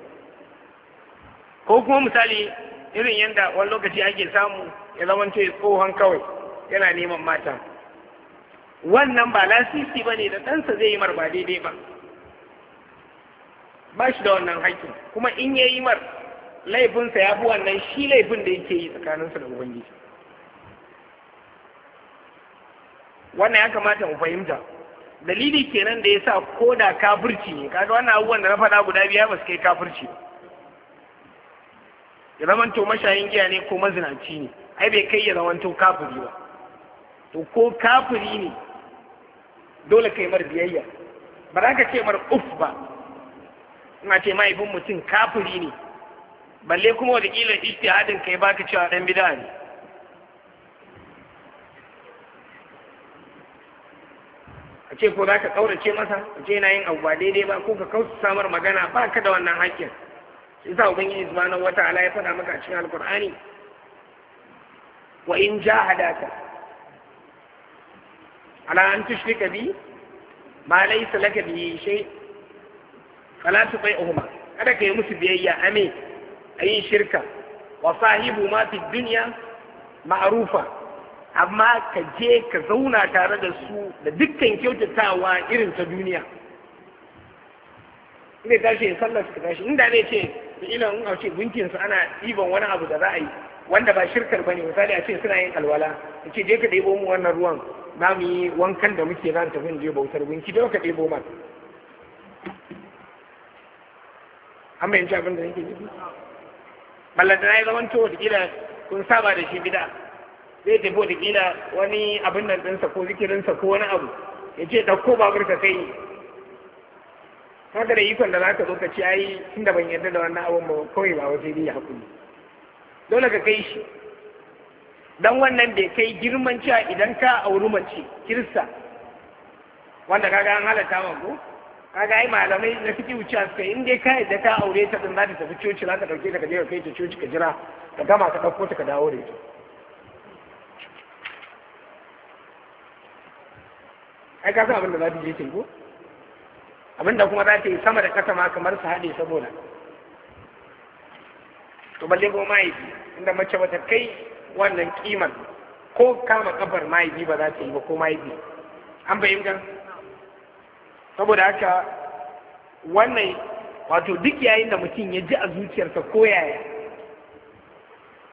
ko kuma misali irin yadda wani lokaci ake samu ya zama ce tsohon kawai yana neman mata wannan ba lasisi ba ne da ɗansa zai yi mar ba daidai ba ba shi da wannan haƙƙin kuma in ya yi mar laifinsa ya fi wannan shi laifin da yake yi tsakaninsa da ubangiji wannan ya kamata mu fahimta dalili kenan da ya sa ko da kafirci ne kaga wannan abubuwan da na faɗa guda biya ba su kai kafirci ya to mashayin giya ne ko mazinaci ne ai bai kai ya to kafiri ba to ko kafiri ne dole kai mar biyayya ba za ka ce mar uf ba ina ce mahaifin mutum kafiri ne balle kuma wataƙila ijtihadin kai baka cewa dan bid'a ne a ce ko za ka ƙaurace masa a ce yana yin abu ba daidai ba ko ka kausa samar magana ba ka da wannan haƙƙin isa ubangiji wata. Ala ya faɗa maka a cikin Alƙur'ani. wa in jahadaka ala an ka bi ma lai salaka bi shay fala tuhuma kada ka yi musu biyayya ame a yi shirka wa sahibu ma fi duniya ma'rufa amma ka je ka zauna tare da su da dukkan kyautatawa irin ta duniya zai tashi ya sallar ka tashi inda zai ce da ina in ce gunkin su ana ɗiban wani abu da za a yi wanda ba shirkar bane misali a ce suna yin alwala ya ce je ka ɗebo mu wannan ruwan za mu yi wankan da muke zan tafi je bautar gunki da ka ɗebo man an bayanci abin da nake nufi ballantana ya zamanto wata kun saba da shi gida. zai tafi wata kila wani abin nan ɗinsa ko zikirinsa ko wani abu ya ce ɗauko babur ka kai kada da ikon da za ka zo ka ci ai tunda ban yarda da wannan abun ba kawai ba wasu ya hakuri dole ka kai shi dan wannan bai kai girman cewa idan ka auri mace kirista wanda kaga an halatta ma ko kaga ai malamai na fiki wuce suka in dai ka yadda ka aure ta din za ta tafi coci za ka dauke ta ka je ka kai ta coci ka jira ka gama ka dauko ta ka dawo da ita ai ka san abin da za ta je ta ko abin da kuma za ta yi sama da kasa ma kamar su haɗe saboda to balle ko mahaifi inda mace bata kai wannan kiman ko kama kafar mahaifi ba za ta yi ba ko mahaifi an gan? saboda haka wannan wato duk yayin da mutum ya ji a zuciyarsa ko yaya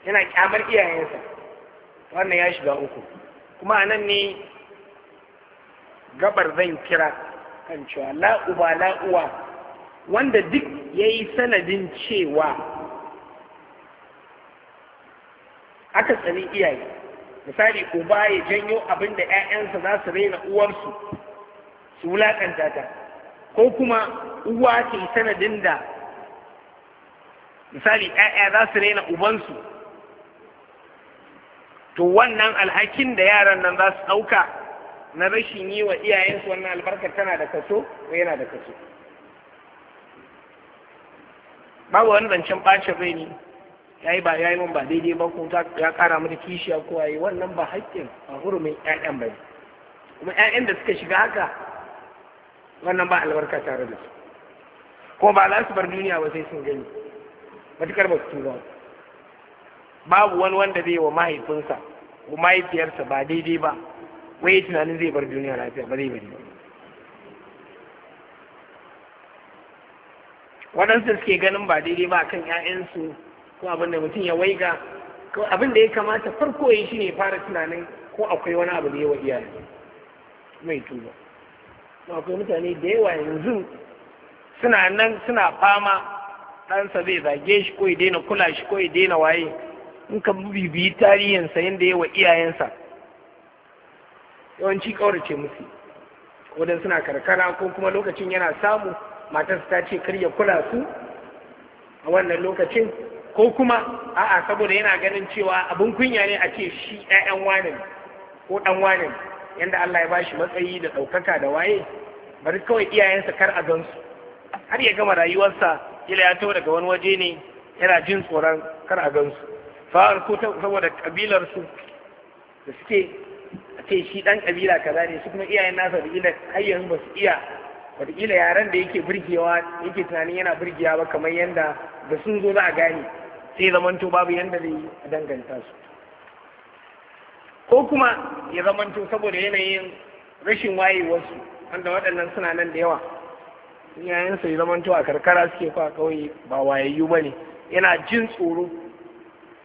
yana kyamar iyayensa wannan ya shiga uku kuma a nan ne gabar zan kira kan cewa la'uba la'uwa wanda duk ya yi sanadin cewa aka tsani iyaye misali uba ya janyo abin da 'ya'yansa za su raina uwarsu su wulaƙanta ta ko kuma uwa ke sanadin da misali 'ya'ya za su raina ubansu to wannan alhakin da yaran nan za su ɗauka na rashin yi wa iyayensu wannan albarkar tana da kaso ko yana da kaso babu wani zancen ɓacin rai ne ya yi ba ya yi min ba daidai ba ko ya ƙara mata kishiya ko ya wannan ba haƙƙin a hurumin ƴaƴan ba kuma ƴaƴan da suka shiga haka wannan ba albarka tare da su ko ba za su bar duniya ba sai sun gani matukar ba su tuba babu wani wanda zai wa mahaifinsa ko mahaifiyarsa ba daidai ba wai tunanin zai bar duniya lafiya ba zai bari waɗansu suke ganin ba daidai ba kan 'ya'yansu ko abin da mutum ya waiga ko abin da ya kamata farko ya shi ne fara tunanin ko akwai wani abu da ya wa iyaye mai tuba akwai mutane da yawa yanzu suna nan suna fama ɗansa zai zage shi ko ya daina kula shi ko ya daina waye in ka bibiyi tarihinsa yadda ya wa iyayensa yawanci ƙaurace musu wajen suna karkara ko kuma lokacin yana samu matarsa ta ce kar ya kula su a wannan lokacin ko kuma a'a saboda yana ganin cewa abin kunya ne a ce shi ɗayan wane ko ɗan wane yadda Allah ya bashi matsayi da ɗaukaka da waye bari kawai iyayensa kar a gansu har ya gama rayuwarsa kila ya taho daga wani waje ne yana jin tsoron kar a gansu fa'ar ko saboda kabilarsu da suke ce shi ɗan ƙabila kaza ne su kuma iyayen nasa wataƙila har yanzu ba su iya wataƙila yaren da yake burgewa yake tunanin yana burgewa ba kamar yadda da sun zo za a gane sai zamanto babu yadda zai yi a danganta su ko kuma ya zamanto saboda yanayin rashin wayewarsu wanda waɗannan suna nan da yawa yayin ya zamanto a karkara suke kwa kawai ba wayayyu ba ne yana jin tsoro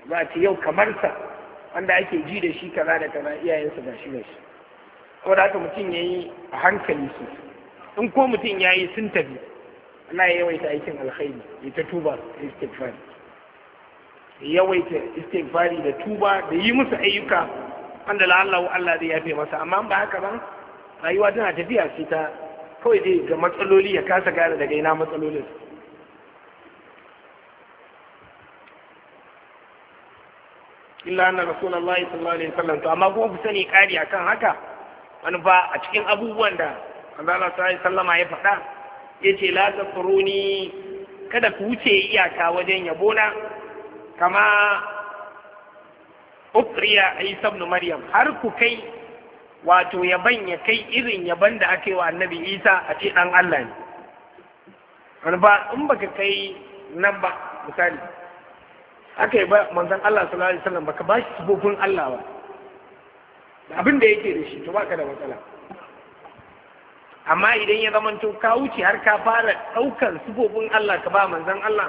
za a ce yau kamar sa wanda ake ji da shi kaza da kaza iyayensa ga shi gashi saboda haka mutum ya yi a hankali su in ko mutum ya yi sun tafi ana yawaita aikin alkhairi ya ta tuba da istighfari yawaita istighfari da tuba da yi musu ayyuka wanda la'allahu Allah zai yafe masa amma ba haka ba rayuwa tana tafiya sai ta kawai dai ga matsaloli ya kasa gane daga ina matsalolin illa na rasulullahi sallallahu alaihi wasallam to amma kuma ku sani kari akan haka wani ba a cikin abubuwan da Allah sallallahu alaihi sallama ya faɗa ce la tafuruni kada ku wuce iyaka wajen yabo na kama ukriya yi sabnu maryam har ku kai wato yaban ya kai irin yaban da aka yi wa annabi isa a ce dan Allah ne wani ba in baka kai nan ba misali aka yi ba Allah sallallahu alaihi wasallam baka ba shi sifofin Allah ba da abin da yake da shi to baka da matsala amma idan ya zama to ka wuce har ka fara daukar sifofin Allah ka ba manzan Allah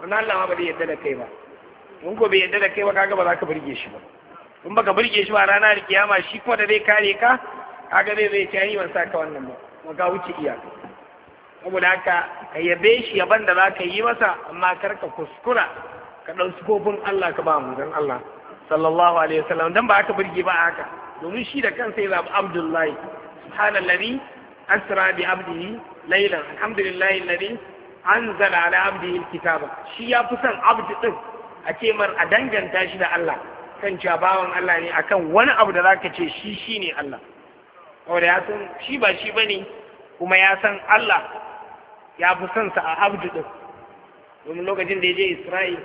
wannan Allah ma ba da yadda da kai ba in ko bai da kai ba kaga ba za ka burge shi ba in baka burge shi ba ranar kiyama shi kuma da zai kare ka kaga zai zai ta yi ban sa ka wannan ba kuma ka wuce iyaka saboda haka ka yabe shi yaban da za ka yi masa amma kar ka kuskura ka ɗau sufofin Allah ka ba manzon Allah sallallahu alaihi wasallam dan ba aka burge ba haka domin shi da kansa ya zabi Abdullahi subhanallazi asra bi abdihi laylan alhamdulillahi alladhi anzala ala abdihi alkitaba shi ya fi son abdi din a ce mar a danganta shi da Allah kan cewa bawan Allah ne akan wani abu da zaka ce shi shine Allah wanda ya san shi ba shi bane kuma ya san Allah ya fi son sa a abdi din domin lokacin da ya je Isra'il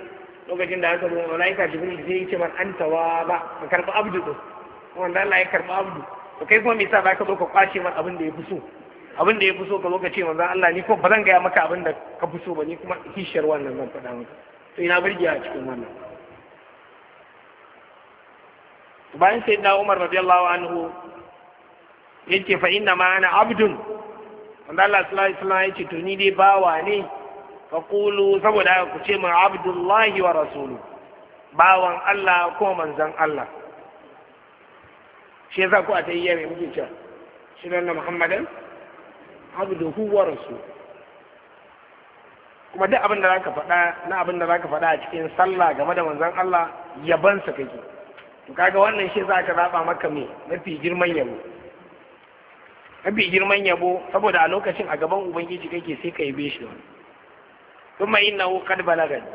lokacin da aka zo malaika jibril zai yi ce man an tawa ba ka karɓi abdu din wanda Allah ya karɓi abdu to kai kuma me yasa ka zo ka kwashe man abin da ya fi so abin da ya fi so ka zo ka ce manzo Allah ni ko ba zan gaya maka abin da ka fi so ba ni kuma kishiyar wannan zan faɗa maka to ina burgiya a cikin wannan bayan sai na Umar radiyallahu anhu yake fa inna ma ana abdun manzo Allah sallallahu alaihi wasallam yace to ni dai bawa ne faƙulu saboda haka ku ce min abdullahi wa rasulu bawan Allah ko manzan Allah shi yasa ku a yi mai muke cewa shi na muhammadan abduhu wa rasulu kuma duk abin da ka faɗa na abin da ka faɗa a cikin sallah game da manzan Allah yabansa kake to kaga wannan shi za ka zaɓa maka me mafi girman yabo mafi girman yabo saboda a lokacin a gaban ubangiji kake sai ka bai shi wani ثم إنه قد بلغني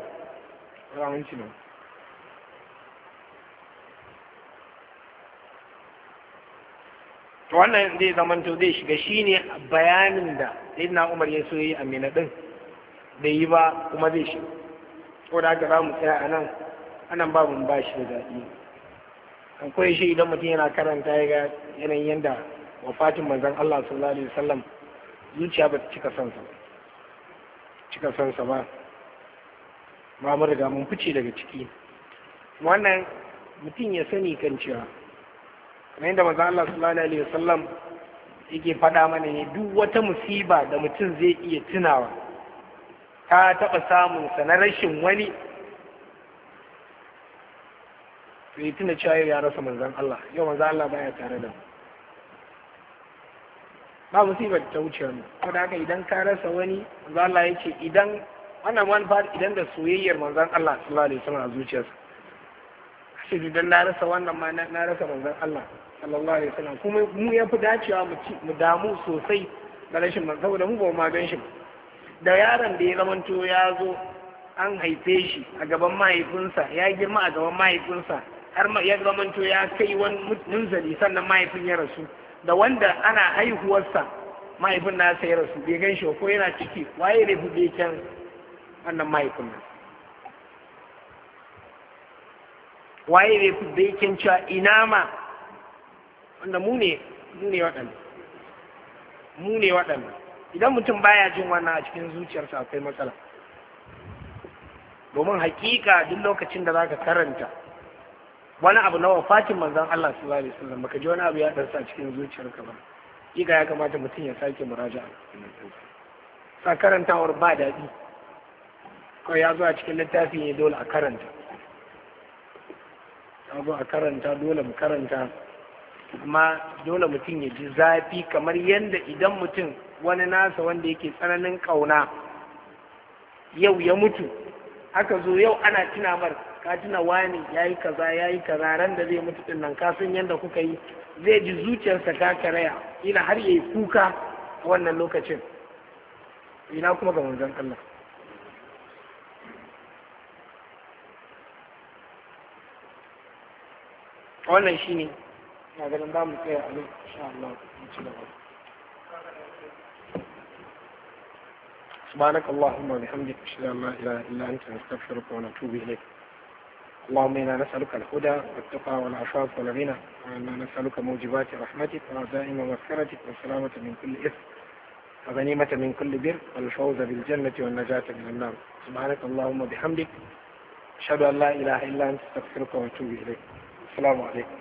to wannan zai zamanto zai shiga shine bayanin da sayyidina Umar ya so yi a din bai yi ba kuma zai shiga Ko da haka mu tsaya anan anan babu mun bashi da dadi akwai shi idan mutum yana karanta ya ga yanayin yanda wafatin manzon Allah sallallahu alaihi wasallam zuciya ba ta cika son sa ba cika son sa ba ba mu riga mun fice daga ciki wannan mutum ya sani kan cewa kamar yadda manzo Allah sallallahu alaihi wasallam yake faɗa mana ne duk wata musiba da mutum zai iya tunawa ta taɓa samun sa na rashin wani to yi tuna cewa ya rasa manzon Allah yau manzon Allah baya tare da mu ba musibar ta wuce wani da haka idan ka rasa wani manzo Allah ya ce idan wannan manufa idan da soyayyar manzon Allah sallallahu alaihi wasallam a zuciyarsa shi idan na rasa wannan ma na rasa manzon Allah sallallahu alaihi wasallam kuma mu ya fi dacewa mu damu sosai da rashin manzon saboda mu ba ma gan shi da yaron da ya zamanto ya zo an haife shi a gaban mahaifinsa ya girma a gaban mahaifinsa har ya zamanto ya kai wani munzali sannan mahaifin ya rasu da wanda ana haihuwarsa mahaifin na sai rasu bai gan shi ko yana ciki waye ne bai can wannan mahaifin nan waye ne bai can cewa ina ma wanda mu ne mu ne waɗanda mu ne waɗanda idan mutum baya jin wannan a cikin zuciyarsa akwai matsala domin hakika duk lokacin da zaka karanta wani abu na wafatin manzon Allah sallallahu alaihi wasallam baka ji wani abu ya darsa cikin zuciyarka ba kika ya kamata mutum ya sake muraja sa karantawar ba daɗi kawai ya zo a cikin littafi ne dole a karanta ya zo a karanta dole mu karanta amma dole mutum ya ji zafi kamar yadda idan mutum wani nasa wanda yake tsananin ƙauna yau ya mutu haka zo yau ana mara ka tuna wani yi kaza yi kaza ran da zai mutu dinnan ka san yanda kuka yi zai ji zuciyarsa ta karaya ina har yayi kuka a wannan lokacin ina kuma ga manzon Allah wannan shine ga nan ba mu tsaya a insha Allah mu ci gaba سبحانك اللهم وبحمدك اشهد ان لا اله الا انت استغفرك ونتوب اليك اللهم إنا نسألك الهدى والتقى والعفاف والغنى وإنا نسألك موجبات رحمتك ودائم مغفرتك والسلامة من كل إثم وغنيمة من كل بر والفوز بالجنة والنجاة من النار سبحانك اللهم وبحمدك أشهد أن لا إله إلا أنت أستغفرك وأتوب إليك السلام عليكم